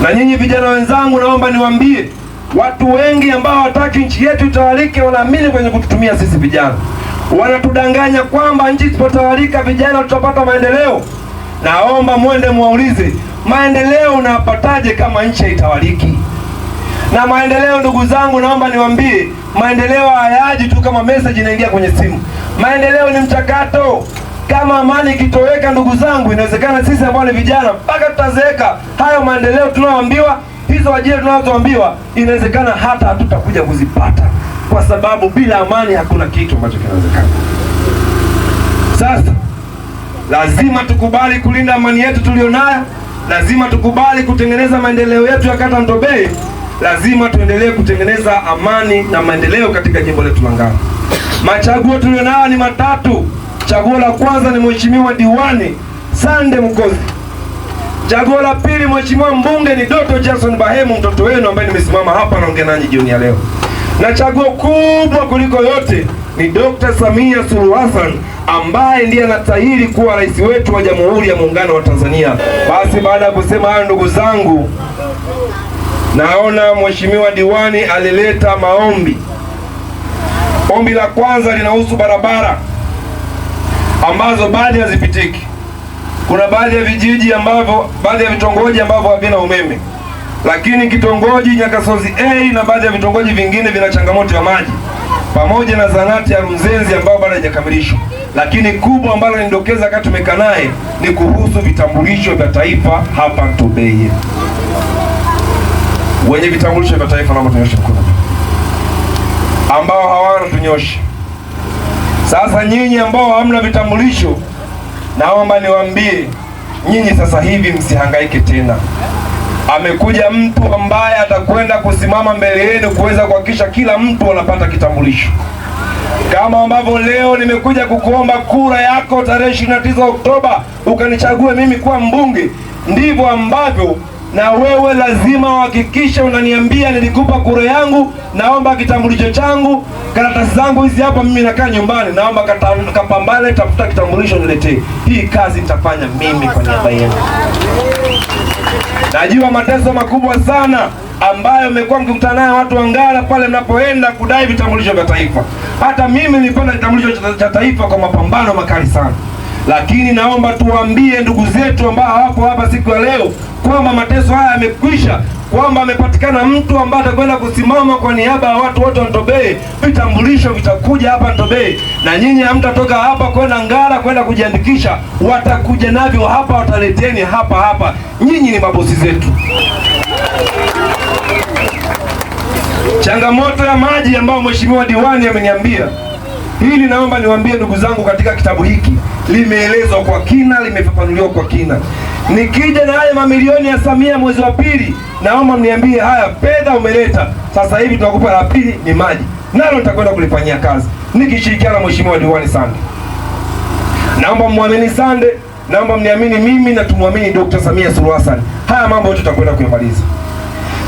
Na nyinyi vijana wenzangu, naomba niwaambie watu wengi ambao hawataki nchi yetu itawalike, wanaamini kwenye kututumia sisi vijana. Wanatudanganya kwamba nchi isipotawalika vijana tutapata maendeleo. Naomba mwende mwaulize, maendeleo unapataje kama nchi haitawaliki? Na maendeleo, ndugu zangu, naomba niwaambie, maendeleo hayaji tu kama message inaingia kwenye simu. Maendeleo ni mchakato. Kama amani ikitoweka, ndugu zangu, inawezekana sisi ambao ni vijana mpaka tutazeeka, hayo maendeleo tunayoambiwa, hizo ajira tunazoambiwa, inawezekana hata hatutakuja kuzipata, kwa sababu bila amani hakuna kitu ambacho kinawezekana. Sasa lazima tukubali kulinda amani yetu tulionayo, lazima tukubali kutengeneza maendeleo yetu ya kata Mtobei, lazima tuendelee kutengeneza amani na maendeleo katika jimbo letu la Ngara. Machaguo tulionayo ni matatu. Chaguo la kwanza ni mheshimiwa diwani Sande Mkozi. Chaguo la pili mheshimiwa mbunge ni Dr. jason Bahemu, mtoto wenu ambaye nimesimama hapa naongea nanyi jioni ya leo, na chaguo kubwa kuliko yote ni Dr. Samia Suluhu Hassan ambaye ndiye anatahiri kuwa rais wetu wa Jamhuri ya Muungano wa Tanzania. Basi baada ya kusema hayo, ndugu zangu, naona mheshimiwa diwani alileta maombi. Ombi la kwanza linahusu barabara ambazo baadhi hazipitiki. Kuna baadhi ya vijiji ambavyo, baadhi ya vitongoji ambavyo havina umeme, lakini kitongoji Nyakasozi A na baadhi ya vitongoji vingine vina changamoto ya maji pamoja na zahanati ya Runzenzi ambayo bado haijakamilishwa. Lakini kubwa ambalo nilidokeza wakati tumekaa naye ni kuhusu vitambulisho vya taifa hapa Tobeye. Wenye vitambulisho vya taifa naomba tunyoshe mkono, ambao hawana tunyoshe sasa nyinyi ambao hamna vitambulisho, naomba niwaambie nyinyi sasa hivi msihangaike tena. Amekuja mtu ambaye atakwenda kusimama mbele yenu kuweza kuhakikisha kila mtu anapata kitambulisho, kama ambavyo leo nimekuja kukuomba kura yako tarehe 29 Oktoba ukanichague mimi kuwa mbunge, ndivyo ambavyo na wewe lazima uhakikishe unaniambia nilikupa kura yangu, naomba kitambulisho changu, karatasi zangu hizi hapa, mimi nakaa nyumbani, naomba Kapambale, tafuta kitambulisho niletee. Hii kazi nitafanya mimi kwa niaba yenu. Najua mateso makubwa sana ambayo mmekuwa mkikutana nayo watu wa Ngara pale mnapoenda kudai vitambulisho vya taifa. Hata mimi nilipenda kitambulisho cha taifa kwa mapambano makali sana, lakini naomba tuwaambie ndugu zetu ambao hawako hapa siku ya leo kwamba mateso haya yamekwisha, kwamba amepatikana mtu ambaye atakwenda kusimama kwa niaba ya watu wote wa Ntobeye. Vitambulisho vitakuja hapa Ntobeye, na nyinyi hamtatoka hapa kwenda Ngara kwenda kujiandikisha, watakuja navyo hapa, wataleteni hapa hapa. Nyinyi ni mabosi zetu. Changamoto ya maji ambayo mheshimiwa diwani ameniambia Hili naomba niwaambie ndugu zangu, katika kitabu hiki limeelezwa kwa kina, limefafanuliwa kwa kina. Nikija na haya mamilioni ya Samia mwezi wa pili, naomba mniambie haya fedha umeleta sasa hivi, tunakupa la pili ni maji, nalo nitakwenda kulifanyia kazi nikishirikiana na mheshimiwa diwani Sande. Naomba mwamini Sande, naomba mniamini mimi na tumwamini Dr. Samia Suluhu Hassan, haya mambo yote tutakwenda kuyamaliza.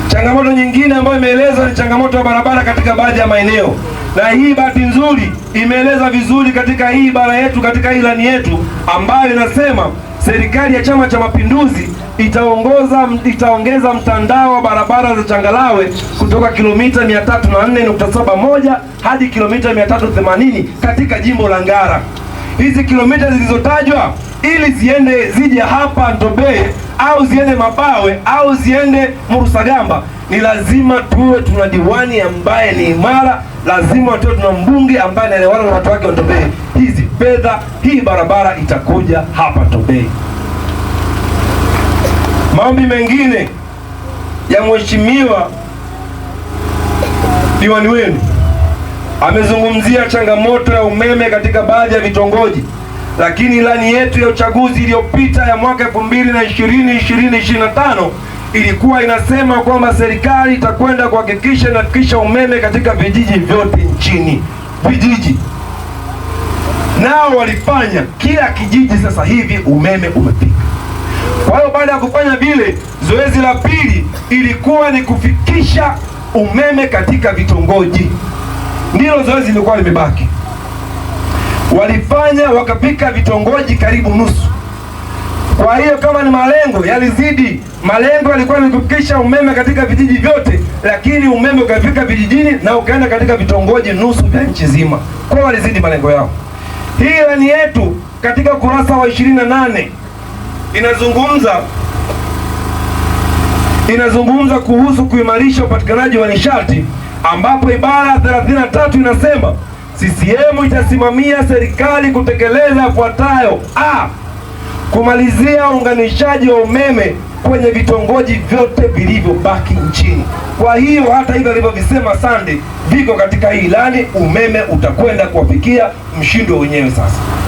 Changamoto nyingine ambayo imeelezwa ni changamoto ya barabara katika baadhi ya maeneo na hii bahati nzuri imeeleza vizuri katika hii ibara yetu katika ilani yetu ambayo inasema serikali ya Chama cha Mapinduzi itaongoza itaongeza mtandao wa barabara za changalawe kutoka kilomita 304.71 hadi kilomita 380 katika jimbo la Ngara. Hizi kilomita zilizotajwa ili ziende zije hapa Ntobeye au ziende Mabawe au ziende Murusagamba, ni lazima tuwe tuna diwani ambaye ni imara lazima watoe, tuna mbunge ambaye anaelewana na watu wake wa Tobei. Hizi fedha, hii barabara itakuja hapa Tobei. Maombi mengine ya mheshimiwa diwani wenu amezungumzia changamoto ya umeme katika baadhi ya vitongoji, lakini ilani yetu ya uchaguzi iliyopita ya mwaka elfu mbili na ishirini ishirini ishirini na tano ilikuwa inasema kwamba serikali itakwenda kuhakikisha inafikisha umeme katika vijiji vyote nchini. Vijiji nao walifanya, kila kijiji sasa hivi umeme umefika. Kwa hiyo baada ya kufanya vile, zoezi la pili ilikuwa ni kufikisha umeme katika vitongoji, ndilo zoezi lilikuwa limebaki. Walifanya wakapika vitongoji karibu nusu kwa hiyo kama ni malengo yalizidi, malengo yalikuwa ni kufikisha umeme katika vijiji vyote, lakini umeme ukafika vijijini na ukaenda katika vitongoji nusu vya nchi zima. Kwa hiyo walizidi malengo yao. Hii ilani yetu katika ukurasa wa ishirini na nane inazungumza inazungumza kuhusu kuimarisha upatikanaji wa nishati ambapo ibara ya 33 inasema CCM itasimamia serikali kutekeleza yafuatayo: a kumalizia unganishaji wa umeme kwenye vitongoji vyote vilivyobaki nchini. Kwa hiyo hata hivyo alivyovisema Sande viko katika hii ilani, umeme utakwenda kuwafikia mshindo wenyewe sasa.